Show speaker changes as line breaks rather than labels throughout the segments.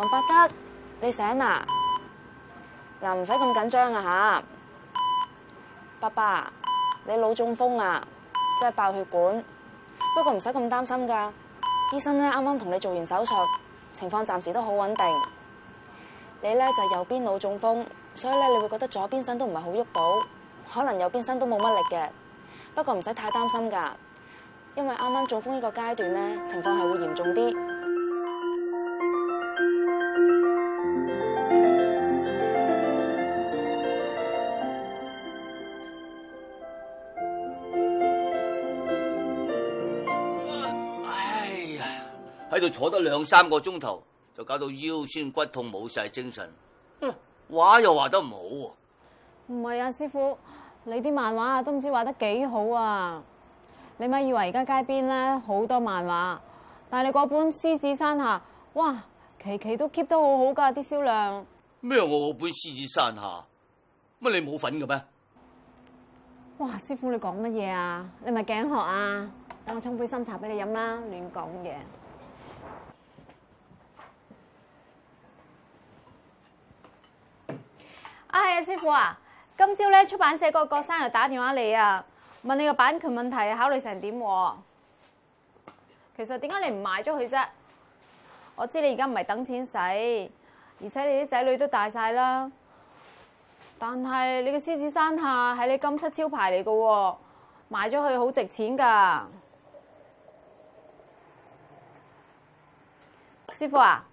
王伯德，你醒啦？嗱，唔使咁緊張啊吓！爸爸，你腦中風啊，即係爆血管。不過唔使咁擔心噶，醫生咧啱啱同你做完手術，情況暫時都好穩定。你咧就右邊腦中風，所以咧你會覺得左邊身都唔係好喐到，可能右邊身都冇乜力嘅。不過唔使太擔心噶，因為啱啱中風呢個階段咧，情況係會嚴重啲。
佢坐得兩三個鐘頭，就搞到腰酸骨痛，冇晒精神。畫又畫得唔好
喎。啊，唔係啊，師傅，你啲漫畫啊都唔知畫得幾好啊！你咪以為而家街邊咧好多漫畫，但係你嗰本《獅子山下》哇，期期都 keep 得好好噶啲銷量。
咩？我本《獅子山下》乜你冇份嘅咩？
哇！師傅你講乜嘢啊？你咪頸渴啊？等我沖杯心茶俾你飲啦！亂講嘢。啊，係啊，師傅啊，今朝咧出版社個郭生又打電話你啊，問你個版權問題，考慮成點？啊？其實點解你唔賣咗佢啫？我知你而家唔係等錢使，而且你啲仔女都大晒啦。但係你個獅子山下喺你金漆招牌嚟噶，啊，賣咗佢好值錢噶。師傅啊，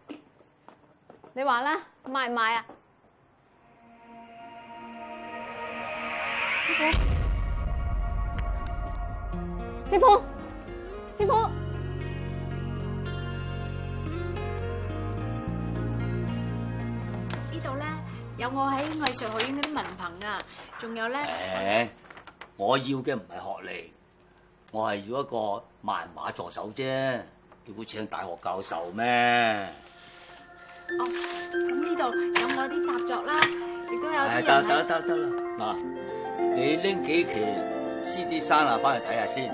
你話啦，賣唔賣啊？師傅，師傅，呢度咧有我喺藝術學院嗰啲文憑啊，仲有咧，
我要嘅唔係學歷，我係要一個漫畫助手啫，要唔要請大學教授咩？
哦，咁呢度有我啲習作啦，亦都有啲人睇，得得
得得啦，嗱。你拎幾期《獅子山啊》翻去睇下先。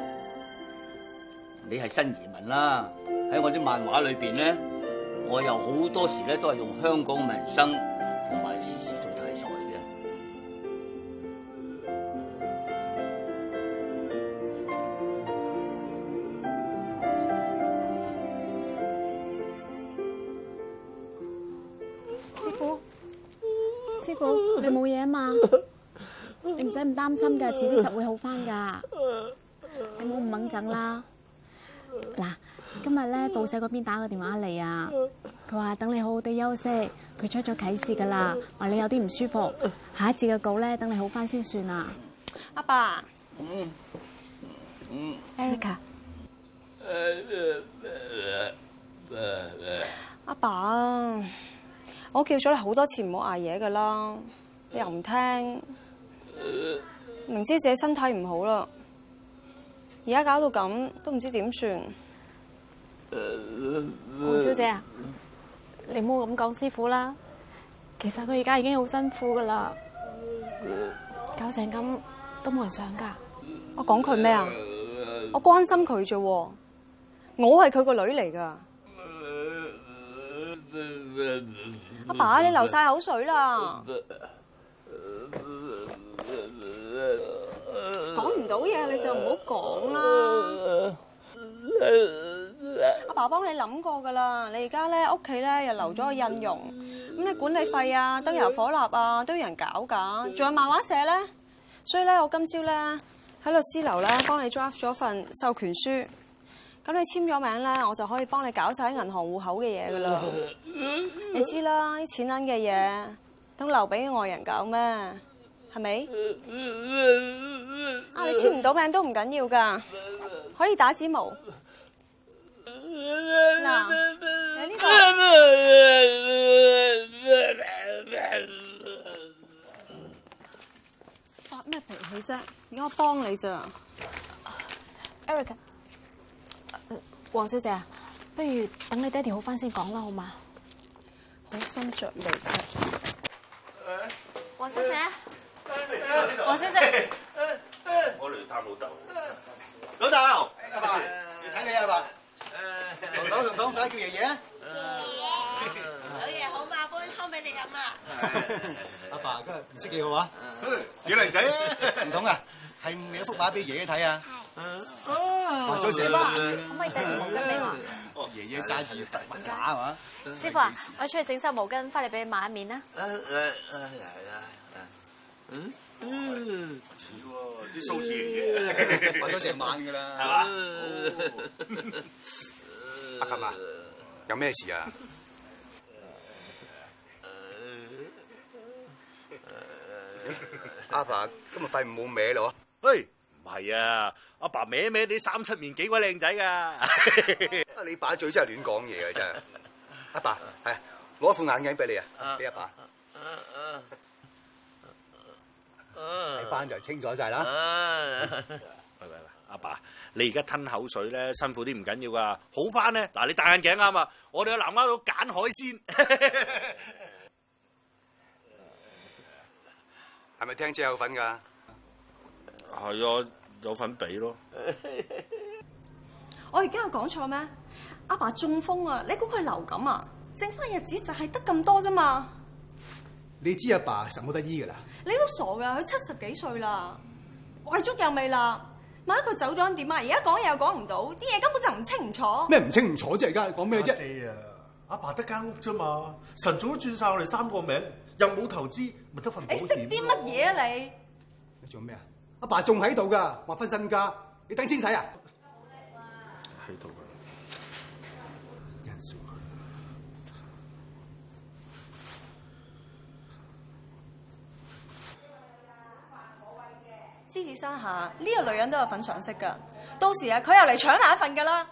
你係新移民啦，喺我啲漫畫裏邊咧，我有好多時咧都係用香港嘅民生同埋時事做題材嘅。師傅，師傅，你
冇嘢啊嘛？ 唔使唔擔心噶，遲啲實會好翻噶。你好唔掹整啦。嗱，今日咧報社嗰邊打個電話嚟啊，佢話等你好好地休息。佢出咗啟示噶啦，話你有啲唔舒服，下一節嘅稿咧等你好翻先算啦。阿爸，爸，嗯嗯，嗯，Erica，
阿、嗯、爸，
爸，我叫咗你好多次唔好挨夜噶啦，你又唔聽。明知自己身體唔好啦，而家搞到咁都唔知點算。
黃小
姐啊，你唔好咁講師傅啦。其實佢而家已經好辛苦噶啦，搞成咁都冇人想噶。我講佢咩啊？我關心佢啫，我係佢個女嚟噶。
阿 爸，爸，你流晒口水啦！ 唔
到嘢，你就唔好講啦。阿爸幫你諗過噶啦，你而家咧屋企咧又留咗個印傭，咁你管理費啊、燈油火蠟啊都要人搞噶，仲有漫畫社咧，所以咧我今朝咧喺律師樓咧幫你 draft 咗份授權書，咁你簽咗名咧，我就可以幫你搞晒銀行戶口嘅嘢噶啦。你知啦，啲錢銀嘅嘢都留俾外人搞咩？係咪？
是是啊，你簽唔到名
都唔緊要噶，可以打指模。嗱，誒、這個，呢個發咩脾氣啫？而家我幫你咋？Eric，黃小姐，不如等你爹哋好翻先講啦，好嗎？好心着迷，
黃小姐。 黃小姐，我嚟探老豆。老豆，阿爸，爸，你睇你阿爸，爸。龍童龍童，快啲叫爺爺？爺爺，爺爺好嘛，煲，湯俾你飲啊！阿爸，今日唔
識幾好啊？幾靚仔啊！唔
同 啊，係咪有幅畫俾爺爺睇啊？係。哦，
再四包，媽媽可唔可以遞毛巾俾我？
爺爺揸住大毛巾啊嘛！師傅啊，時
我出去整濕毛巾，翻嚟俾你抹一面啦。誒誒
誒，係、哎、啦。嗯，嗯一，似喎啲數字，搵咗成晚噶啦，係嘛？阿琴啊，有咩事啊？阿爸今日肺唔好歪咯？喂，唔係啊，阿、啊啊、爸咩咩？欸啊、歪歪你三七面，幾鬼靚仔噶？ 你把嘴真係亂講嘢啊！真係，阿爸係攞一副眼鏡俾你啊，俾阿爸。睇翻就清楚晒啦。喂喂喂，阿爸，你而家吞口水咧，辛苦啲唔緊要噶，好翻咧。嗱，你戴眼鏡啊嘛，我哋去南丫度揀海鮮，係 咪聽朝 有份噶？係啊，有份比咯。
我而家有講錯咩？阿爸中風啊，你估佢流感啊？剩翻日子就係得咁多啫嘛。
你知阿爸實冇得醫㗎啦！
你都傻㗎，佢七十幾歲啦，遺囑有未啦？萬一佢走咗點啊？而家講嘢又講唔到，啲嘢根本就唔清唔楚
咩？唔清唔楚啫？而家你講咩啫？阿爸得間屋啫嘛，晨早都轉晒我哋三個名，又冇投資，咪得份保險。你識啲乜嘢啊？你你做咩啊？阿爸仲喺度㗎，話分身家，你等錢使啊？啊
獅子山下呢、這個女人都有份賞識㗎，到時啊，佢又嚟搶一份㗎啦！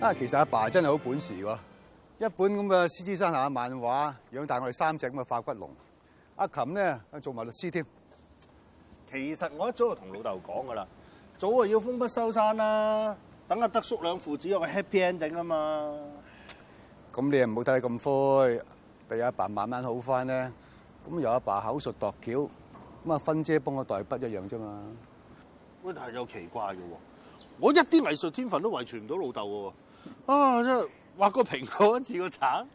啊， 其實阿爸，爸真係好本事喎！一本咁嘅《獅子山下》漫畫，養大我哋三隻咁嘅化骨龍。阿琴咧做埋律師添。其實我一早就同老豆講噶啦，早就要封筆收山啦，啊，等阿德叔兩父子有個 Happy Ending 啊嘛。咁你又唔好睇咁灰，俾阿爸慢慢好翻咧。咁由阿爸口述度橋，咁啊芬姐幫我代筆一樣啫嘛。但係有奇怪嘅喎，我一啲藝術天分都遺傳唔到老豆喎。啊，真畫個蘋果似個橙，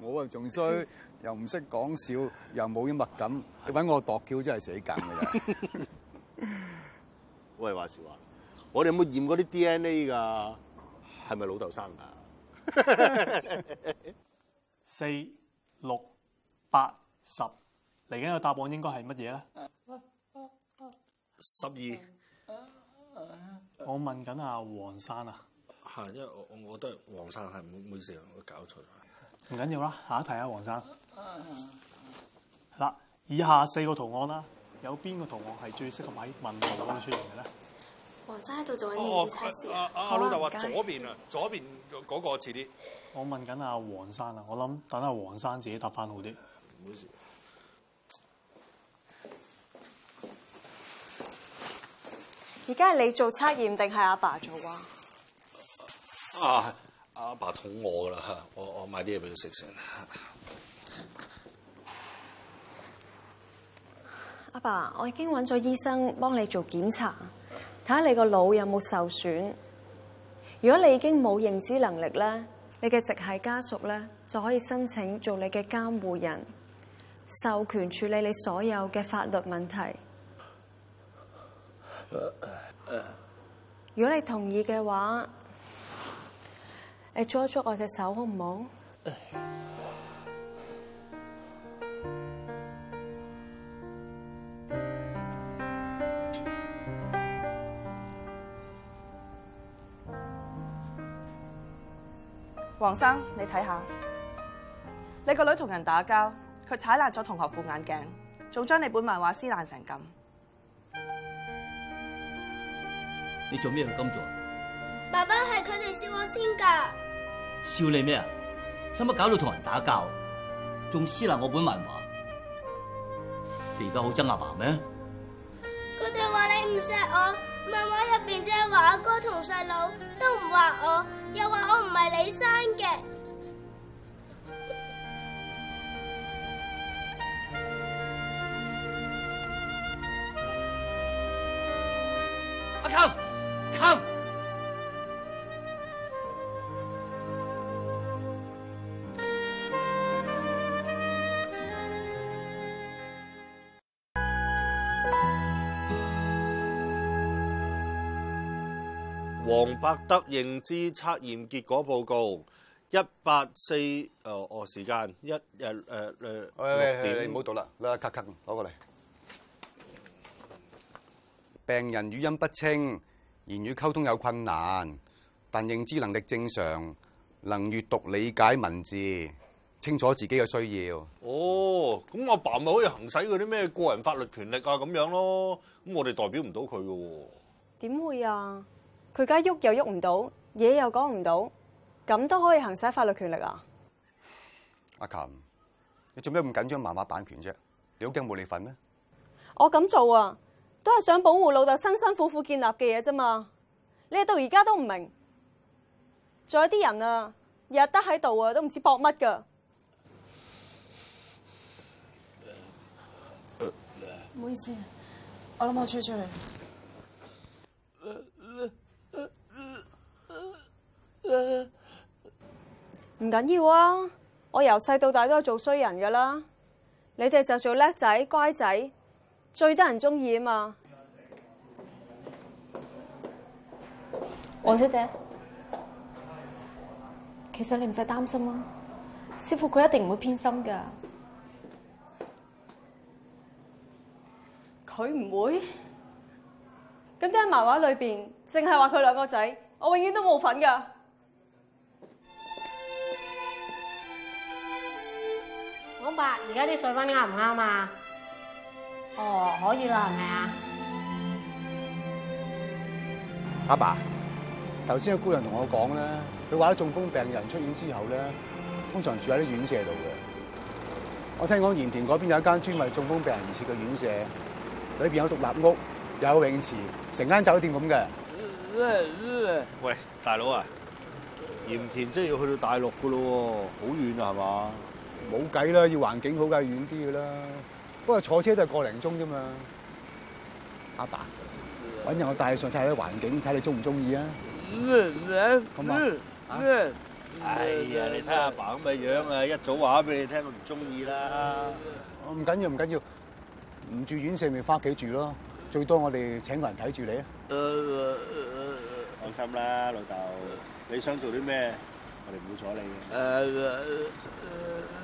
我啊仲衰，又唔識講笑，又冇啲物感，你揾 我度橋真係死梗㗎喇。 喂，話時話，我哋有冇驗過啲 DNA 㗎？係咪老豆生㗎？四六八十，嚟緊個答案應該係乜嘢咧？
十二。
我問緊阿黃生啊！因為我我我都係黃生，係，唔好唔好意思，我搞錯咗。唔緊要啦，下一題啊，黃生。係 以下四個圖案啦，有邊個圖案係最適合喺問號嗰度出現嘅咧？黃生
喺度做緊測試。阿、啊啊啊啊、老豆話、啊、左
邊啊，左邊嗰、嗰個似啲、啊。我問緊阿黃生啊，我諗等阿黃生自己答翻好啲。唔好
意思。而家係你做測驗定係阿爸做啊？
啊！阿爸肚餓啦吓，我我買啲嘢俾佢食先。
阿爸，我已經揾咗醫生幫你做檢查，睇下你個腦有冇受損。如果你已經冇認知能力咧，你嘅直系家屬咧就可以申請做你嘅監護人，授權處理你所有嘅法律問題。如果你同意嘅話。你捉一捉我朝朝我隻手好唔好？黃唉生，你睇下，你個女同人打交，佢踩爛咗同學副眼鏡，仲將你本漫畫撕爛成咁。
你做咩要咁做？
爸爸係佢哋笑我先噶。
笑你咩？啊？使乜搞到同人打交，仲撕爛我本漫畫？你而家好憎阿爸咩？
佢哋話你唔錫我，漫畫入邊只係話阿哥同細佬，都唔話我，又話我唔係你生嘅。阿、啊、康。
紅伯德認知測驗結果報告，一八四，哦、呃、哦，時間一日，誒、呃、誒，呃哎、呀六點，唔好、哎、讀啦，攞一卡卡，攞過嚟。病人語音不清，言語溝通有困難，但認知能力正常，能閱讀理解文字，清楚自己嘅需要。哦，咁我爸咪可以行使嗰啲咩個人法律權力啊？咁樣咯，咁我哋代表唔到佢嘅。
點會啊？佢家喐又喐唔到，嘢又講唔到，咁都可以行使法律權力啊！
阿琴，你做咩咁緊張媽媽版權啫？你好驚冇你份咩？
我咁做啊，都係想保護老豆辛辛苦苦建立嘅嘢啫嘛！你到而家都唔明，仲有啲人啊，日日得喺度啊，都唔知搏乜噶！唔、呃呃、
好
意思，我諗我吹出嚟。呃呃唔緊、呃、要緊啊！我由細到大都係做衰人噶啦，你哋就做叻仔乖仔，最得人中意啊嘛！黃小姐，喂其實你唔使擔心啊，師傅佢一定唔會偏心噶。佢唔會？咁都喺漫畫裏邊，淨係話佢兩個仔，我永遠都冇份噶。爸，而家啲水溫啱唔啱啊？哦，可以啦，係
咪啊？阿爸，頭先個姑娘同我講咧，佢話咗中風病人出院之後咧，通常住喺啲院舍度嘅。我聽講鹽田嗰邊有一間專為中風病人而設嘅院舍，裏邊有獨立屋、有泳池，成間酒店咁嘅。喂，大佬啊，鹽田即係要去到大陸噶咯，好遠啊，係嘛？冇計啦，要環境好梗遠啲嘅啦。不過坐車都係個零鐘啫嘛。阿爸，揾日我帶你上睇下啲環境，睇你中唔中意啊？咁啊？啊？哎呀！你睇阿爸咁嘅樣啊，一早話俾你聽我唔中意啦。唔緊要，唔緊要，唔住院舍咪翻屋企住咯。最多我哋請個人睇住你。呃。放心啦，老豆，你想做啲咩，我哋唔會阻你嘅。呃。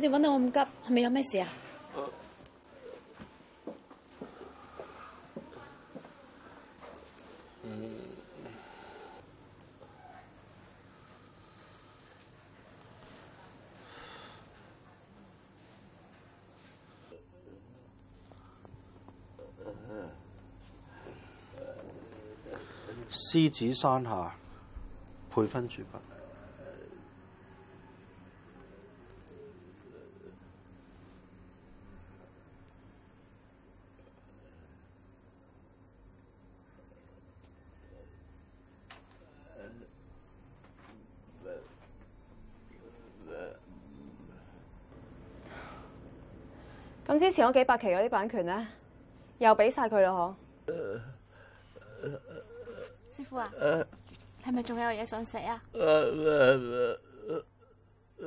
你哋揾到我咁急，係咪有咩事啊？
獅、嗯、 子山下，培勳住吧。
之前我幾百期嗰啲版權咧，又俾晒佢咯嗬。師傅啊，係咪仲有嘢想寫啊？啊
啊啊啊啊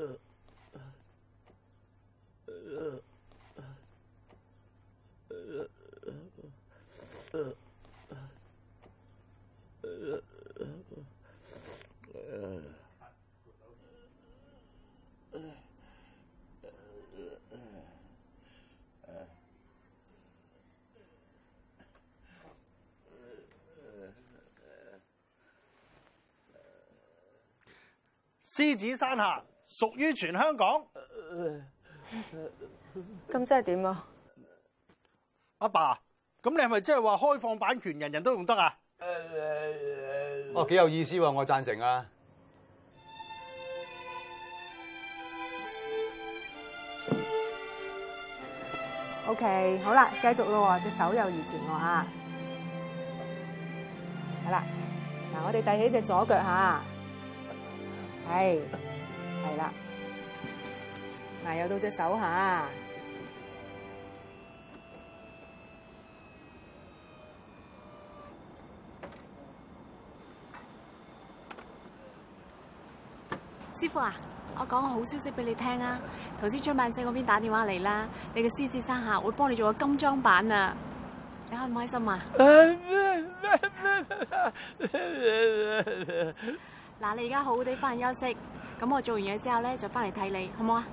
獅子山下屬於全香港，咁 即係點啊？阿爸，爸，咁你係咪即係話開放版權，人人都用得啊？ 哦，幾有意思喎，我贊成啊
！OK，好啦，繼
續咯，隻手又移接我啊！好啦，嗱，我哋提起隻左腳吓。係，係啦，嗱，有到隻手下，
師傅啊，我講個好消息俾你聽啊，頭先出版社嗰邊打電話嚟啦，你嘅獅子山下會幫你做個金裝版啊，你開唔開心啊？ 嗱，你而家好好哋翻去休息，咁我做完嘢之後咧就翻嚟睇你，好唔好啊？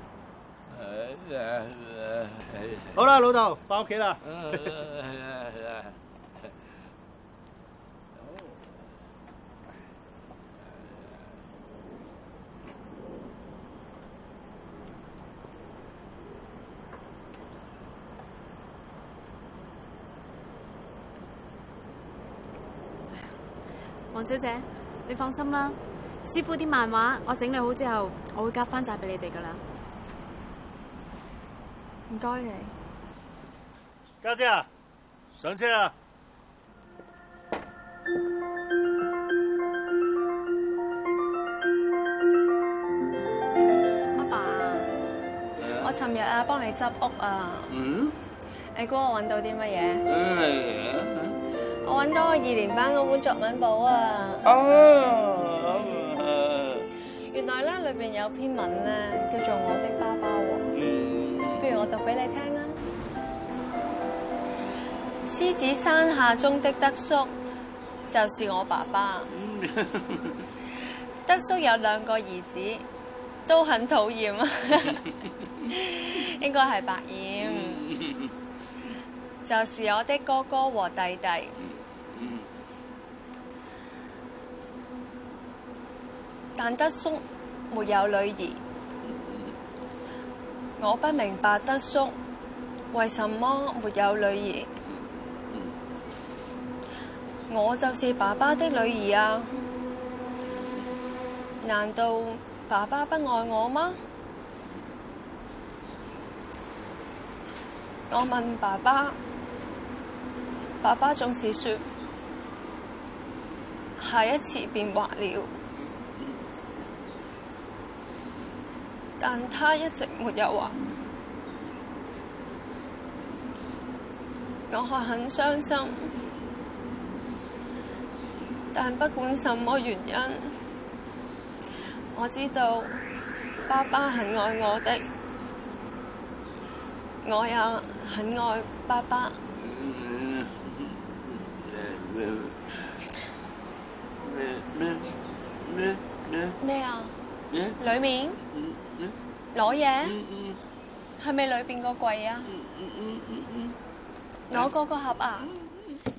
好啦，老豆，翻屋企啦。 黃
小姐，你放心啦。師傅啲漫畫我整理好之後，我會夾翻晒俾你哋噶啦。唔該你。
家姐啊，上車啊。阿
爸，爸，我尋日啊幫你執屋啊。嗯？你估、嗯、我搵到啲乜嘢？嗯嗯、我搵到我二年班嗰本作文簿啊。哦。來啦，裏邊有篇文咧，叫做《我的爸爸》。嗯，不如我讀俾你聽啦。獅 子山下中的德叔就是我爸爸。 德叔有兩個兒子，都很討厭。 應該係白眼。 就是我的哥哥和弟弟。 但德叔。沒有女兒，我不明白德叔為什麼沒有女兒。我就是爸爸的女兒啊！難道爸爸不愛我嗎？我問爸爸，爸爸總是說下一次便畫了。但他一直沒有話，我很傷心。但不管什麼原因，我知道爸爸很愛我的，我也很愛爸爸。
咩啊麼？裏面？攞嘢？
係咪、嗯嗯、裏邊個櫃啊？攞
嗰、嗯嗯嗯嗯嗯、個盒啊？嗯嗯
嗯